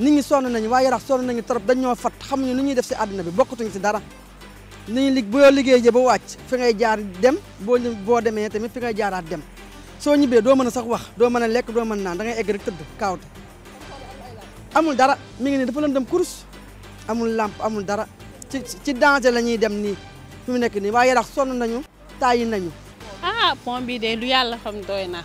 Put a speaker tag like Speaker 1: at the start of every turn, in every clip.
Speaker 1: nit ñi sonn nañu waa Yarax sonn nañu trop dañoo fat xam ñu nu ñuy def si àddina bi bokk bokkatuñ si dara nit ñi boo liggéey jë ba wàcc fi ngay jaar dem boo boo demee tamit fi ngay jaaraat dem soo ñibbee doo mën a sax wax doo mën a lekk doo mën naan da ngay egg rek tëdd kaawte amul dara mi ngi nii dafa dem kurus amul làmp amul dara ci ci danger la ñuy dem nii fi mu nekk nii waa Yarax sonn nañu tàyyi nañu ah pont de lu yàlla xam doy naa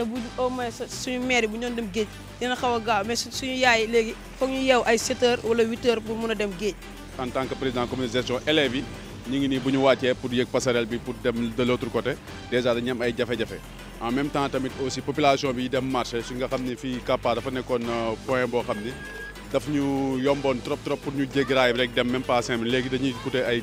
Speaker 1: te bu au moins suñu maire bu ñu doon dem géej dina xawa gaaw mais suñu yaay légui foog ñu yeew ay 7 h wala 8 h pour mëna dem geej
Speaker 2: en tant que président communauté de gestion élèves yi ñu ngi nii bu ñu pour yëg passerelle bi pour dem de l'autre côté déjà dañu am ay jafé jafé en même temps tamit aussi population bi dem marché su nga xamni fi fii Kapa dafa nekkon euh, point bo xamni ni daf ñu yomboon trop trop pour ñu jéggi rek dem même pas cinq minutes léegi dañuy coûter ay.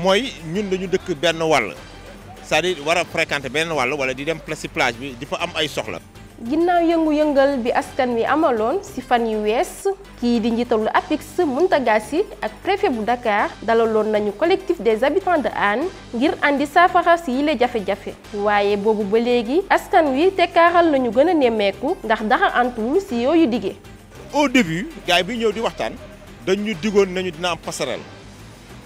Speaker 3: moy ñun dañu dëkk benn wàll c'est-à-dire war a fréquenter benn wàll wala di dem si plage bi di fa am ay soxla.
Speaker 1: ginnaaw yëngu-yëngal bi askan wi amaloon ci fan yu wees kii di njiitalu APIX Mountaga Sy ak préfet bu Dakar dalaloon nañu collectif des habitants de anne ngir andi saafara ci yile jafe-jafe waaye boobu ba léegi askan wi tekkaaral nañu gën a nemmeeku ndax dara antuwul si yooyu dige.
Speaker 3: au début gars bi ñëw di waxtaan dañu digoon nañu dina am passerelle.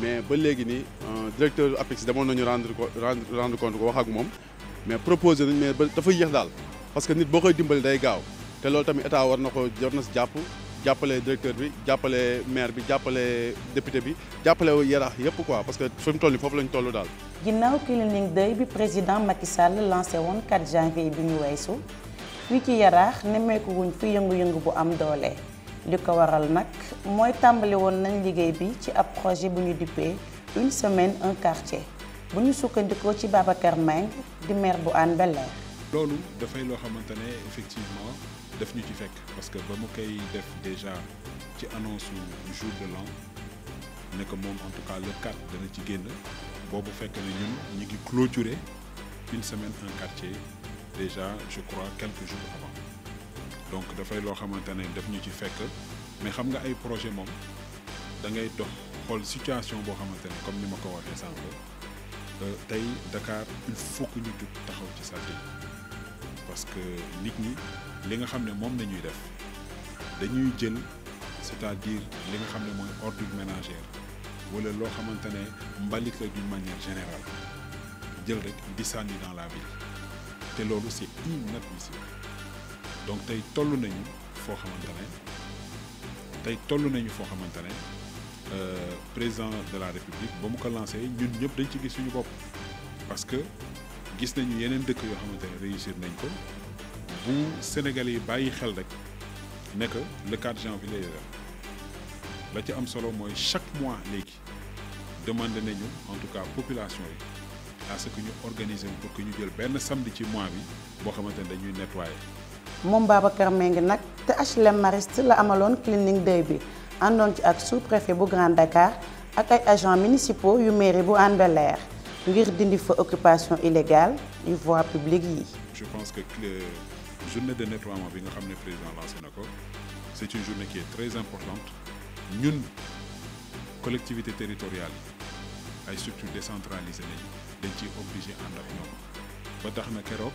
Speaker 2: mais ba léegi nii euh, directeur APEX demoon nañu rendre rendre compte ko wax ak moom mais proposé nañ mais ba dafa yéex daal parce que nit boo koy dimbali day gaaw te loolu tamit état war na ko war na si jàpp jàppale directeur bi jàppale maire bi jàppale député bi jàppale yaraax yépp quoi parce que fi mu toll nii foofu la ñu toll daal.
Speaker 1: ginnaaw cleaning day bi président Macky Sall lancé woon 4 janvier bi ñu weesu fii ci yaraax nemmeeku wuñ fi yëngu-yëngu bu am doole li ko waral nag mooy tàmbali woon nañ liggéey bi ci ab projet bu ñu dippee une semaine un quartier bu ñu sukkandikoo ci Babacar Meng di maire bu Hann Bel-Air
Speaker 4: loolu dafay loo xamante effectivement daf ñu ci fekk parce que nous avons def déjà ci annonce du jour de l'an ne que en tout cas le 4 de ci génn boobu fekk ne ñun clôturer une semaine un quartier déjà je crois quelques jours avant donc da fay lo xamantene def ñu ci fekk mais xam nga ay projet mom da ngay dox xool situation bo xamantene comme ni ma ko waxee sànq euh, tey Dakar il faut que ñu jug taxaw ci saleté parce que nit ñi li nga xamne mom lañuy def dañuy jël c'est-à-dire li nga xamne moy mooy ordures wala lo xamantene mbalik mbalit la d'une manière générale jël rek di sànni dans la ville té lolu c'est inadmissible donc tey toll nañu foo xamante ne tey toll nañu foo xamante ne euh, président de la république ba mu ko lancé ñun ñëpp dañ ci gis suñu bopp parce que gis nañu yeneen dëkk yoo xamante ne réussir nañ ko bu Sénégal yi bàyyi xel rek ne que le 4 janvier lay la ci am solo mooy chaque mois léegi demandé nañu en tout cas population yi à ce que ñu organiser pour que ñu jël benn samedi ci mois bi boo xamante ne dañuy nettoyer.
Speaker 1: Mon Babacar Mbengue nag te HLM Mariste la amalon cleaning day bi àndoon ci ak sous-préfet bu Grand Dakar ak ay agents municipaux yu mairie bu Hann air ngir dindi fa occupation illégale yu voie publique yi. je
Speaker 4: pense que journée de nettoyage bi nga xamné président lancé c'est une journée qui est très importante ñun collectivité territoriale ay structures décentralisées dañ ci obligé ànd ak ba tax na kérok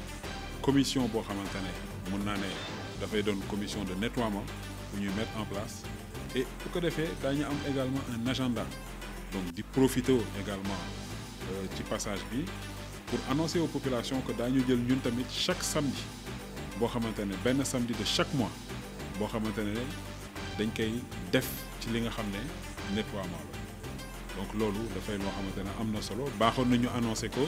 Speaker 4: commission boo xamante ne mun naa commission de nettoiement pour ñuy mettre en place et bu ko defee daañu am également un agenda donc di profiter également euh, ci passage bi pour annoncer aux populations que daañu jël ñun tamit chaque samedi boo xamante ben samedi de chaque mois boo xamante ne dañ koy def ci li nga nettoiement donc loolu dafay loo xamante ne am na solo baaxoon nañu annoncer ko.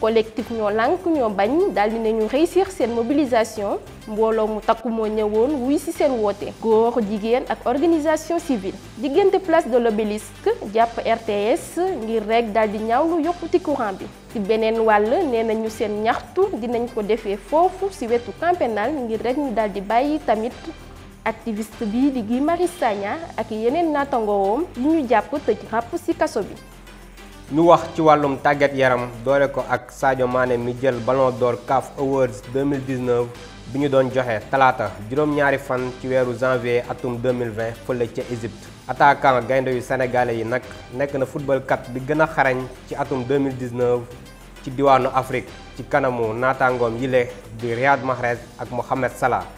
Speaker 1: collectif ñoo lànk ñoo bañ daal di nañu réussir seen mobilisation mbooloo mu takku moo ñëwoon wuy ci seen woote góor jigéen ak organisation civile diggante place de l'obélisque jàpp RTS ngir rek daal di ñaawlu yokkuti courant bi ci beneen wàll nee ñu seen ñaxtu dinañ ko defee foofu ci wetu camp ngir rek ñu daal di bàyyi tamit activiste bi di Guy Marius Sagna ak yeneen naatangoom yi ñu jàpp tëj ràpp ci kaso bi ñu wax ci wàllum tàgget yaram doole ko ak Sadio Mané mi jël Ballon d'Or CAF Awards 2019 bi ñu doon joxe talaata juróom-ñaari fan ci weeru janvier atum 2020 fële ca Égypte. attaquant gaynde yu sénégalais yi nag nekk na footballkat bi gën a xarañ ci atum 2019 ci diwaanu Afrique ci kanamu naataangoom yile di Riyad Mahrez ak Mohamed Salah.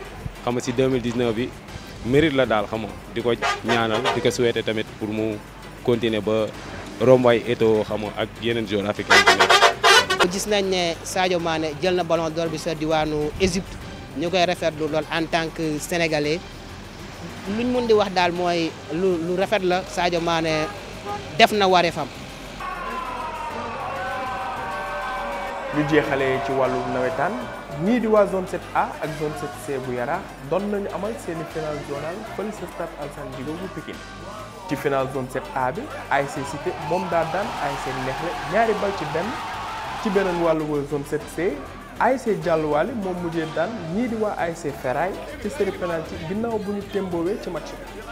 Speaker 4: xam si 2019 bi mérite la daal xam nga di ko ñaanal di ko souhaiter tamit pour mu continuer ba romb eto Eto'o xam nga ak yeneen joueurs africains
Speaker 1: gis nañ ne Sadio Mané jël na ballon d'or bi sa diwaanu Égypte ñu koy rafetlu lool en tant que sénégalais luñ mun di wax daal mooy lu lu rafet la Sadio Mané def na wareefam. lu
Speaker 2: jeexalee ci wàllu nawetaan. ñii di waa zone 7A ak zone 7C bu Yara doon nañu amal seeni final zonal fële sa stade Alassane Djigo bu Pikine ci final zone 7A bi ASC Cité moom daa daan ASC Neexle ñaari bal ci benn ci beneen wàllu waa zone 7C ASC Jàlluwaale moom mujjee daan ñii di waa ASC Ferraille ci série penalty ginnaaw bu ñu témboowee
Speaker 3: ci match bi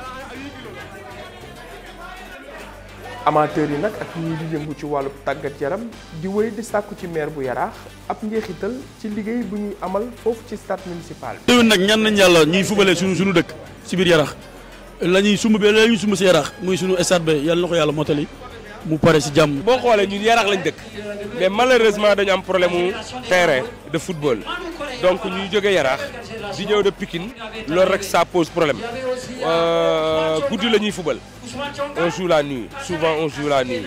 Speaker 2: amateurs yi nag ak ñi di yëngu ci wàllu tàggat yaram di wéy di sàkku ci maire bu yaraax ab njeexital ci liggéey
Speaker 3: bu ñuy amal foofu ci stade municipal bi.
Speaker 2: déwén ñan ñaan nañ yàlla ñuy fubale suñu suñu dëkk si biir yaraax la ñuy sumb bi la ñuy sumb si yaraax muy suñu stade bi yàlla na ko yàlla mottali mu pare si jàmm. boo xoolee ñun yaraax lañ dëkk mais malheureusement dañu am problème mu terrain de football
Speaker 4: donc ñuy jógee yaraax di ñëw de pikin loolu rek ça pose problème. Euh, guddi la ñuy on joue la nuit souvent on joue la nuit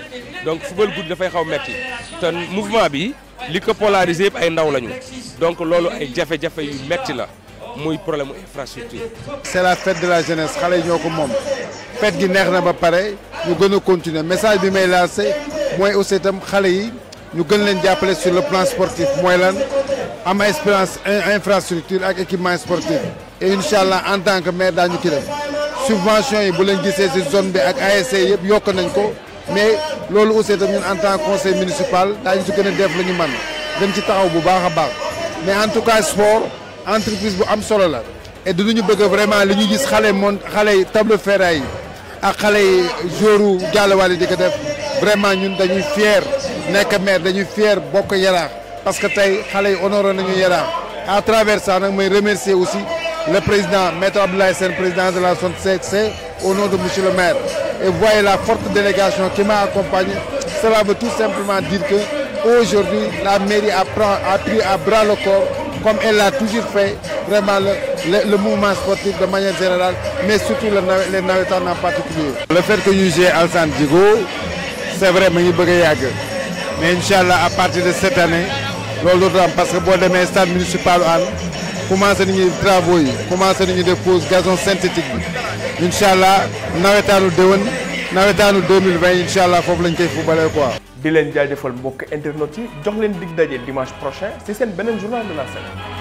Speaker 4: donc football, Goudi, guddi dafay xaw metti te mouvement bi li ko polarisé yëpp ay ndaw lañu
Speaker 3: donc loolu ay jafe-jafe yu metti la muy problème infrastructure. c'est la fête de la jeunesse xale yi ñoo fête gi neex na ba pare ñu gën continuer message du may lancé au aussi itam xale yi ñu gën leen jàppale sur le plan sportif mooy lan am expérience infrastructure ak équipement sportif et inchallah en tant que maire daañu def subvention yi bu leen gissé ci zone bi ak ASC yépp yok nañ ko mais lolu aussi tam ñun en tant que conseil municipal dañu si gëna def lu ñu mën dañ ci taxaw bu baax baax mais en tout cas sport entreprise bu am solo la et dinañu bëgg vraiment li ñu gis xalé moon xale table ferraille ak xalé yi jouru di ko def vraiment ñun dañuy fier nek maire dañuy fier bokk yara parce que tay xalé yi honoré nañu yara à travers ça nak may remercier aussi le président, Maître Abdoulaye le président de la zone CXC, au nom de M. le maire. Et voyez la forte délégation qui m'a accompagné. Cela veut tout simplement dire que aujourd'hui, la mairie a, pris à bras le corps, comme elle l'a toujours fait, vraiment le, mouvement sportif de manière générale, mais surtout les navetans en particulier. Le fait que nous jouions Alsan Digo, c'est vrai, mais il nous Mais Inch'Allah, à partir de cette année, parce que bon, demain, stade municipal, commencé les travaux yi commencé nañu def pose gazon synthétique Inch'Allah, incha allah nawetaanu déwén le 2020 Inch'Allah, allah foofu lañ koy fubalee quoi. di leen jaajëfal mbokk internet yi jox leen dig daje dimanche prochain C'est seen beneen journal de
Speaker 2: la
Speaker 1: semaine.